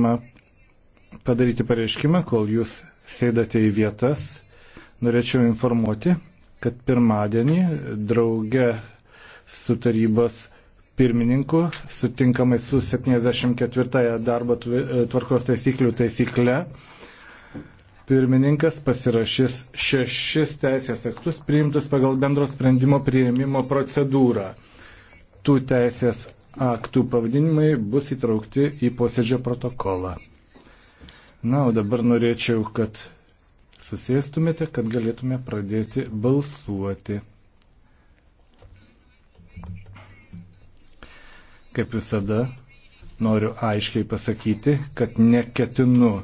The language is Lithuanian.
galima padaryti pareiškimą, kol jūs sėdate į vietas. Norėčiau informuoti, kad pirmadienį drauge su tarybos pirmininku, sutinkamai su 74 darbo e, tvarkos taisyklių taisykle, pirmininkas pasirašys šešis teisės aktus priimtus pagal bendro sprendimo prieimimo procedūrą. Tų teisės aktų pavadinimai bus įtraukti į posėdžio protokolą. Na, o dabar norėčiau, kad susėstumėte, kad galėtume pradėti balsuoti. Kaip visada, noriu aiškiai pasakyti, kad neketinu